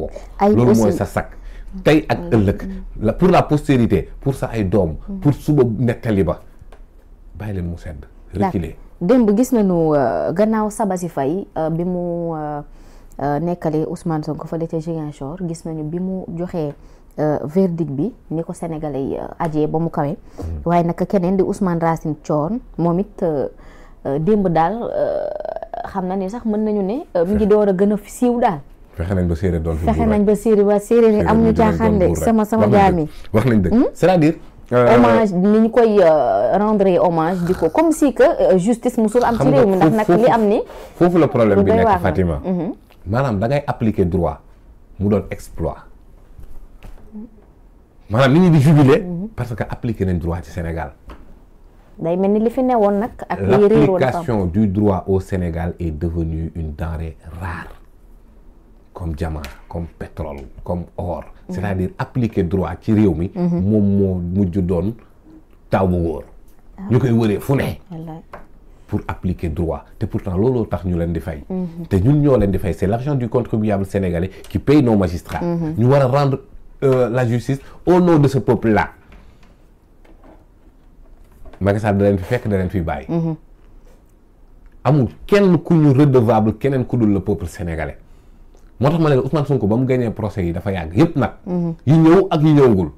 bopp loolu mooy sa sakk tey ak mm. ëllëg pour la postérité pour sa ay doom mm. pour suba nettali ba bàyyi leen mu sedd reculer démb gis nañu euh, gannaaw Sabasy fay euh, bi mu euh, nekkale Ousmane Sonko fële ca Ziguinchor gis nañu bi mu joxee verdict bi ni ko sénégalais yi ajee ba mu kawe mm. waaye nag keneen di Ousmane Racine Thion moom it démb daal xam na ni sax mën nañu ne mi ngi door a gën a siiw daal fexe nañ ba séeréer doon fi buur fexe nañ ba séeréer waa séeréer yi amuñu caaxaan de sama sama jaam wax nañ dëgg hmm? c'est-à-dire euh, hommage ni ñu koy euh, rendre hommage di ko comme si que euh, justice musul am ci am ni foofu la problème bi nekk Fatima hmm. maanaam da ngay appliquer mu doon exploit maanaam nit ñi hmm. que appliquer nañ ci Sénégal day mel ni li fi newoon nag ak l'application du droit au Sénégal est devenue une denrée rare comme diamant comme pétrole comme or c'est-à-dire appliquer droit ci réew mi moom moo mujj doon taw bu wóor ñu koy wëree fu ne pour appliquer droit te pourtant loolu tax ñu leen di fay te ñun ñoo leen di fay c'est l'argent du contribuable sénégalais qui paye nos magistrats ñu war a rendre euh, la justice au nom de ce peuple là Macky da leen fi fekk da leen fi bàyyi mhm. amul kenn ku ñu redevable keneen ku dul le peuple sénégalais moo tax ma ne Ousmane Sonko ba mu gañee procès yi dafa yàgg yëpp nag. yi ñëw ak yi ñëwagul.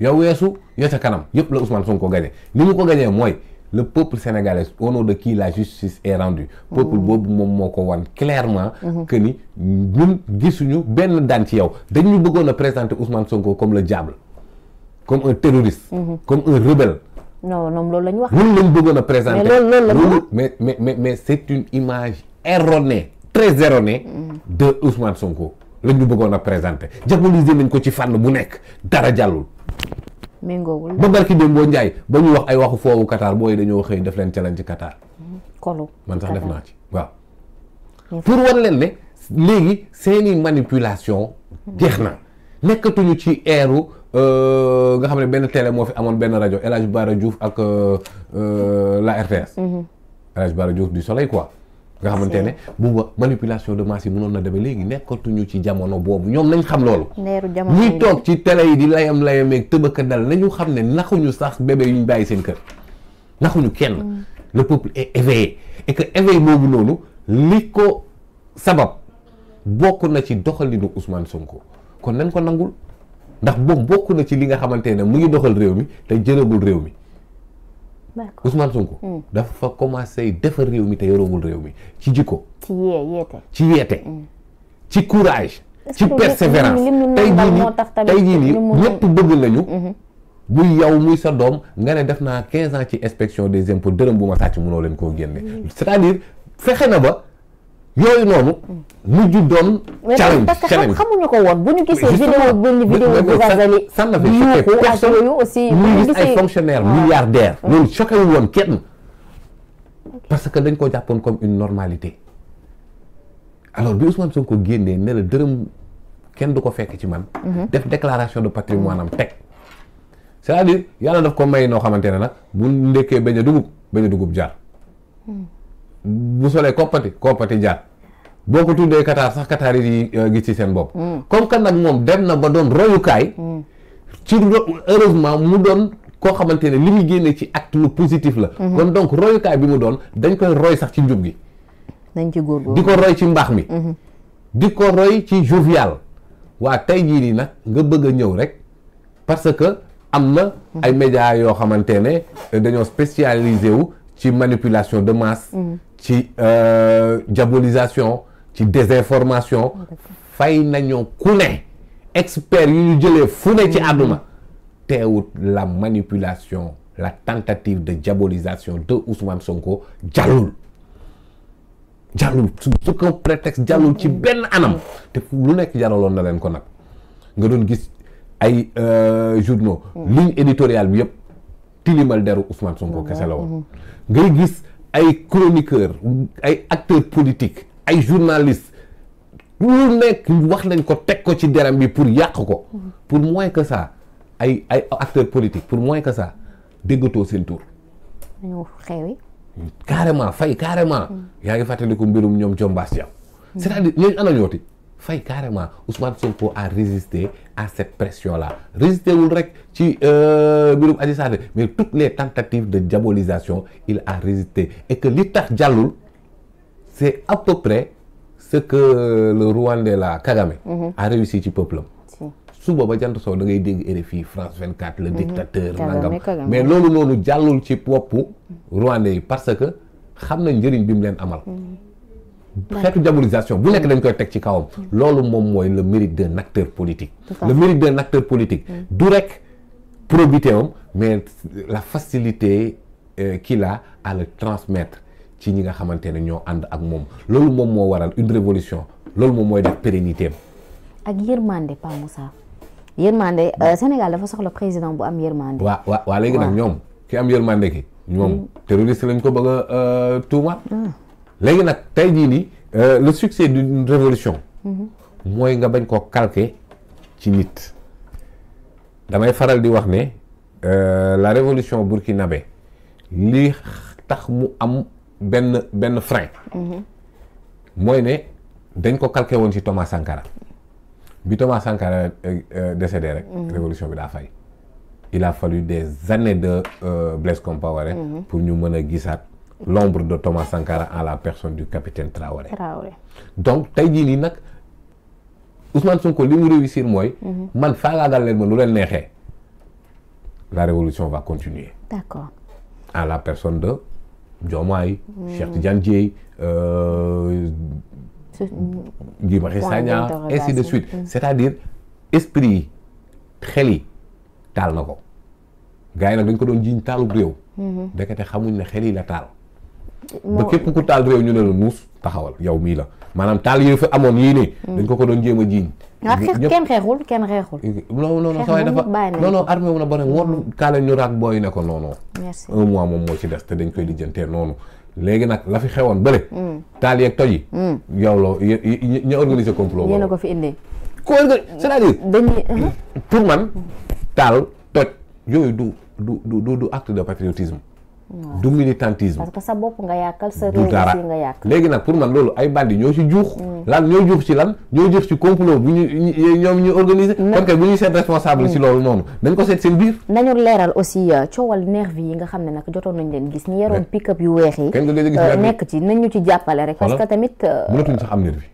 yow weesu ya ca kanam yëpp la Ousmane Sonko gañee ni mu ko gañee mooy le peuple sénégalais au nom de kii la justice est rendue. peuple mm-hmm. boobu moom moo ko wan clairement. Mm-hmm. que ni ñun gisuñu benn daan ci yow dañ ñu bëggoon a présenter Ousmane Sonko comme le diable comme un terroriste. Mm-hmm. comme un rebelle. non non bëggoon a présenter. mais loolu loolu la mais mais mais c'est une image erronée. très erronée de Ousmane Sonko lañ ñu bëggoon a présenté diaboliser nañ ko ci fànn bu nekk dara jàllul. méngoowul ba barki démb boo Ndiaye ba ñu wax ay waxu foowu Qatar booy dañoo xëy def leen challenge ci Qatar. kolo man sax def naa ci waaw. pour wan leen ne léegi seeni manipulation jeex na nekkatuñu ci eeru euh, nga xam ne benn télé moo fi amoon benn rajo El Hadj Bara Diouf ak euh, euh, la RTS. Mhm. El Hadj Bara Diouf du nga xamante ne bu nga manipulation de masse yi mënoon na demee léegi nekkatuñu ci jamono boobu ñoom nañ xam loolu ñuy toog ci télé yi di layam layameeg tëbaka dal nañu xam ne naxuñu sax bébé yuñ bàyyi seen kër naxuñu kenn mm. le peuple est éveillé et boobu noonu li ko sabab bokk na ci doxalinu Ousmane Sonko kon nañ ko nangul ndax boobu bokk na ci li nga xamante ne mu ngi doxal réew mi te jëlagul réew mi Ousmane Sonko. Hmm. dafa commencé defar réew mi te yorewul réew mi ci jikko. ci yeete ci yeete. Hmm. ci courage. ci persévérance tey jii nii tey jii nii ñëpp bëgg nañu. Hmm. muy yow muy sa doom nga ne def naa 15 ans ci inspection des impôts dërëm bu ma sàcc mënoo leen koo génne. c'est-à-dire fexe na ba. yooyu noonu. mujj doon challenge parce que xamuñu ko bu ñu gisee. vidéo benn vidéo bu Razali. san na ay fonctionnaires milliardaires. loolu choqué wul woon kenn. parce que dañ ko jàppoon comme une normalité. alors bi Ousmane Sonko génnee ne dërëm kenn du ko fekk ci man. Mhm. def déclaration de patrimoine am teg. c'est-à-dire yàlla daf ko may noo xamante ne nag bu ndekkee bañ a dugub bañ a dugub jaar. Hmm. bu solee koppati koppati jaar boo ko tuddee Qatar sax Qatar yi euh, gis ci seen bopp. Mm. comme que nag moom dem na ba doon royukaay. Mm. ci heureusement mu doon koo xamante ne li muy génne ci acte lu positif la. Mm-hmm. kon donc royukaay bi mu doon dañ koy roy sax ci njub gi. nañ ci góorgóorlu di ko roy ci mbaax mi. Mm-hmm. di ko roy ci jovial. waa tey jii ni nag nga bëgg a ñëw rek parce que am na. Mm-hmm. ay médias yoo xamante ne dañoo spécialisé wu ci manipulation de masse. ci euh, diabolisation ci désinformation fay nañoo ku ne experts yu ñu jëlee fu ne ci mm-hmm. àdduna teewut la manipulation la tentative de diabolisation de Ousmane Sonko jàllul jàllul su ko prétexte jàllul ci mm-hmm. benn anam te lu nekk jaraloon na leen ko nag nga doon gis ay euh, journaux mm-hmm. ligne éditoriale bi yëpp tilimal deru Ousmane Sonko kese la ngay gis ay chroniqueurs ay acteurs politiques ay journalistes lu nekk wax nañ ko teg ko ci deram bi pour yàq ko pour moins que ça ay ay acteurs politiques pour moins que ça déggatoo seen tour ñu xewi carrément fay carrément mm. yaa ngi fàttaliku mbirum ñoom Diom Bass Diaw mm. c'est-à-dire ñooñu ana ñooti fay carrément Ousmane Sonko a résisté à cette pression la résisté wul rek ci euh, mbirum Adji Sarr mais tout les tentatives de diabolisation il a résisté et que li tax jàllul c'est à peu près ce que le Rwandais là Kagame mhm. a réussi ci peuple am suba ba jant soo da ngay dégg RFI France 24 le mhm. dictateur nangam mais loolu noonu jàllul ci boppu Rwandais yi parce que xam nañ njëriñ bi mu leen amal mhm. xeetu diabolisation bu nekk dañ koy teg ci kawam loolu moom mooy le mérite d'un acteur politique le mérite d'un acteur politique mm. du rek probité mais la facilité euh, qu'il a à le transmettre ci ñi nga xamante ne ñoo ànd ak moom loolu moom moo waral une révolution loolu moom mooy def pérennité am ak yërmande Pa Moussa yërmande euh, mm. Sénégal dafa soxla président bu am yërmande waa waa waa léegi nag ñoom ki am yërmande ki ñoom mm. terroriste lañ ko bëgg a euh, tuuma léegi nag tey jii nii euh, le succès d'une révolution mhm. mooy nga bañ koo calquer ci nit damay faral di wax ne euh, la révolution burkinabé lii tax mu am benn benn frein mhm. mooy ne dañ ko calqué woon ci Thomas Sankara bi Thomas Sankara euh, décédé rek mhm. révolution bi daa fay il a fallu des années de Blaise Compaoré pour ñu mën a gisaat l'ombre de Thomas Sankara en la personne du capitaine Traoré. Traoré. donc tey jii nii nag Ousmane ko li mu réussir mooy. Mhm. man faagaagal leen ma lu leen neexee. la révolution va continuer. d'accord la personne de Diomaye. Mhm. Cheikh Tidiane Dièye. Euh, Guy Marius Sagna ainsi de suite mhm. c'est-à-dire esprit yi xel yi taal na ko. gars yi nag dañ ko doon jiiñ taalub réew. ndekete xamuñ ne xel yi la taal. ba képp ku taal réew ñu ne la nuus taxawal yow mii la maanaam taal yooyu fi amoon yii ne hmm. dañ ko ko doon jéem a jiiñ waaw xeex kenn xeexul kenn xeexul non non non ba ne hmm. woon kaale ne ko non non un mois moom moo ci des dañ koy lijjantee noonu léegi nag la fi xewoon bële hmm. taal yeeg toj yi yow loo ñu organiser complot yéen a ko fi indi ko c'est-à-dire dañuy uh-huh. pour man taal toj yooyu du du du du acte de patriotisme du militantisme. parce que sa bopp nga yàqal sa réew nga yàq léegi nag pour man loolu ay bandi ñoo ci juux. Mm. lan ñoo juux ci lan ñoo juux ci complot bu ñu ñoom ñu organiser. kon kay bu ñuy seet responsable ci mm. loolu noonu dañ ko seet seen biir. nañu leeral aussi euh, coowal nervi yi nga xam ne nag jotoon nañ leen gis. ñi yoroon pick up yu weex yi. kenn euh, nekk ci nañ ñu ci jàppale rek. parce que tamit. Euh, mënatuñ sax am nervi.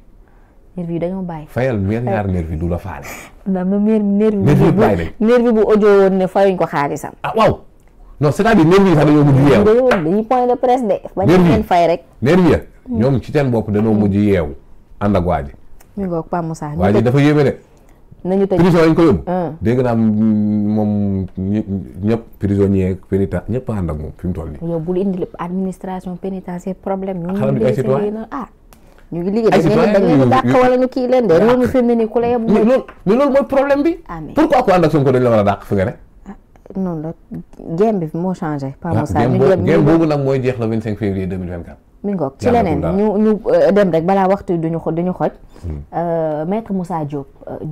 nervi yi dañoo bàyyi. fayal weer ñaar nervi du la ko xaalisam. ah waaw non c'est-à-dire nervi yi sax dañoo mujj yeewu. de presse nervi hmm. ci seen bopp dañoo mujj yeewu ànd ak waa ji. ñu ngoog Pape Moussa. waa ji dafa yéeme de. nañu tëj prison lañ ko yóbbu. Hmm. dégg naa moom ñëpp prisonnier pénitentiaire ñëpp ànd ak moom mu toll nii. yow bul indi administration pénitentiaire problème. xanaa du ay citoyen ah. ñu ngi liggéey dañu leen dañu leen dàq wala ñu kii leen de. Ah. réew mi fi mu ne mooy problème bi. pourquoi ku ànd ak Sonko dañ la war a dàq fi noonu la game bi moo changé. Pa ah, Moussa ñu dem game boobu nag mooy jeex le 25 février 2024. mi ngoog ci leneen ñu ñu euh, dem rek balaa waxtu duñu duñu xoj. Hmm. Euh, maître Moussa Diop. Euh,